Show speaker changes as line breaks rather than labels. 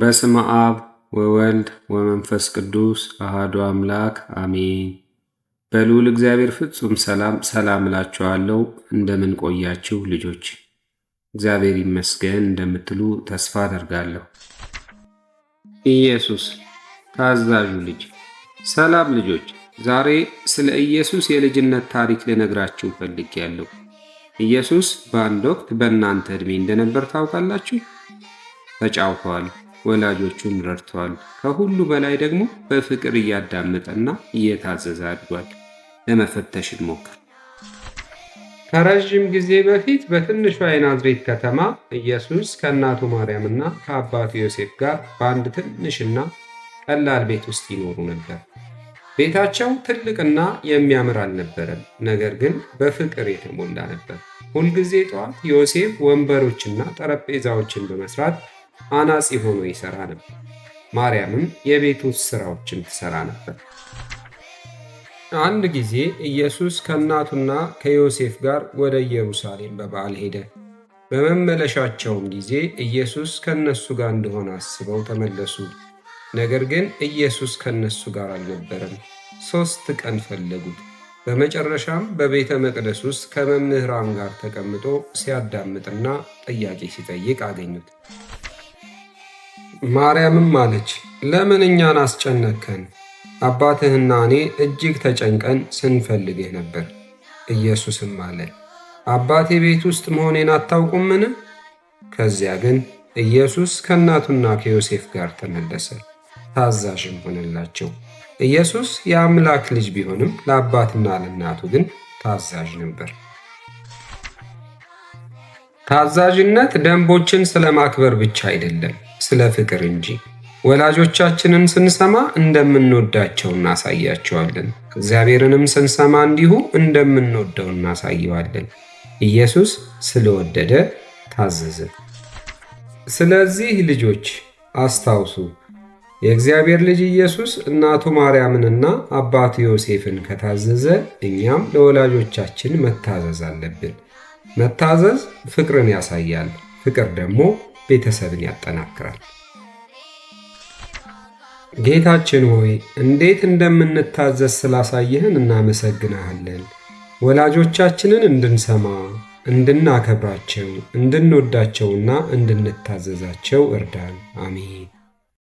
በስመ አብ ወወልድ ወመንፈስ ቅዱስ አህዱ አምላክ አሜን። በልዑል እግዚአብሔር ፍጹም ሰላም ሰላም እላችኋለሁ። እንደምን ቆያችሁ ልጆች? እግዚአብሔር ይመስገን እንደምትሉ ተስፋ አደርጋለሁ። ኢየሱስ ታዛዡ ልጅ። ሰላም ልጆች፣ ዛሬ ስለ ኢየሱስ የልጅነት ታሪክ ልነግራችሁ ያለሁ ኢየሱስ በአንድ ወቅት በእናንተ ዕድሜ እንደነበር ታውቃላችሁ። ተጫውተዋል። ወላጆቹን ረድተዋል። ከሁሉ በላይ ደግሞ በፍቅር እያዳመጠና እየታዘዘ አድጓል። ለመፈተሽ ሞክር። ከረዥም ጊዜ በፊት በትንሿ የናዝሬት ከተማ ኢየሱስ ከእናቱ ማርያምና ከአባቱ ዮሴፍ ጋር በአንድ ትንሽና ቀላል ቤት ውስጥ ይኖሩ ነበር። ቤታቸው ትልቅና የሚያምር አልነበረም፣ ነገር ግን በፍቅር የተሞላ ነበር። ሁልጊዜ ጠዋት ዮሴፍ ወንበሮችና ጠረጴዛዎችን በመስራት አናጺ ሆኖ ይሰራ ነበር። ማርያምም የቤት ውስጥ ሥራዎችን ትሠራ ነበር። አንድ ጊዜ ኢየሱስ ከእናቱና ከዮሴፍ ጋር ወደ ኢየሩሳሌም በበዓል ሄደ። በመመለሻቸውም ጊዜ ኢየሱስ ከእነሱ ጋር እንደሆነ አስበው ተመለሱ። ነገር ግን ኢየሱስ ከእነሱ ጋር አልነበረም። ሦስት ቀን ፈለጉት። በመጨረሻም በቤተ መቅደስ ውስጥ ከመምህራን ጋር ተቀምጦ ሲያዳምጥና ጥያቄ ሲጠይቅ አገኙት። ማርያምም አለች፣ ለምን እኛን አስጨነከን? አባትህና እኔ እጅግ ተጨንቀን ስንፈልግህ ነበር። ኢየሱስም አለ፣ አባቴ ቤት ውስጥ መሆኔን አታውቁምን? ከዚያ ግን ኢየሱስ ከእናቱና ከዮሴፍ ጋር ተመለሰ፣ ታዛዥም ሆነላቸው። ኢየሱስ የአምላክ ልጅ ቢሆንም ለአባትና ለእናቱ ግን ታዛዥ ነበር። ታዛዥነት ደንቦችን ስለማክበር ብቻ አይደለም። ስለ ፍቅር እንጂ ወላጆቻችንን ስንሰማ እንደምንወዳቸው እናሳያቸዋለን። እግዚአብሔርንም ስንሰማ እንዲሁ እንደምንወደው እናሳየዋለን። ኢየሱስ ስለወደደ ታዘዘ። ስለዚህ ልጆች አስታውሱ፣ የእግዚአብሔር ልጅ ኢየሱስ እናቱ ማርያምንና አባቱ ዮሴፍን ከታዘዘ እኛም ለወላጆቻችን መታዘዝ አለብን። መታዘዝ ፍቅርን ያሳያል። ፍቅር ደግሞ ቤተሰብን ያጠናክራል። ጌታችን ሆይ እንዴት እንደምንታዘዝ ስላሳየህን እናመሰግናሃለን። ወላጆቻችንን እንድንሰማ፣ እንድናከብራቸው፣ እንድንወዳቸውና እንድንታዘዛቸው እርዳን። አሜን።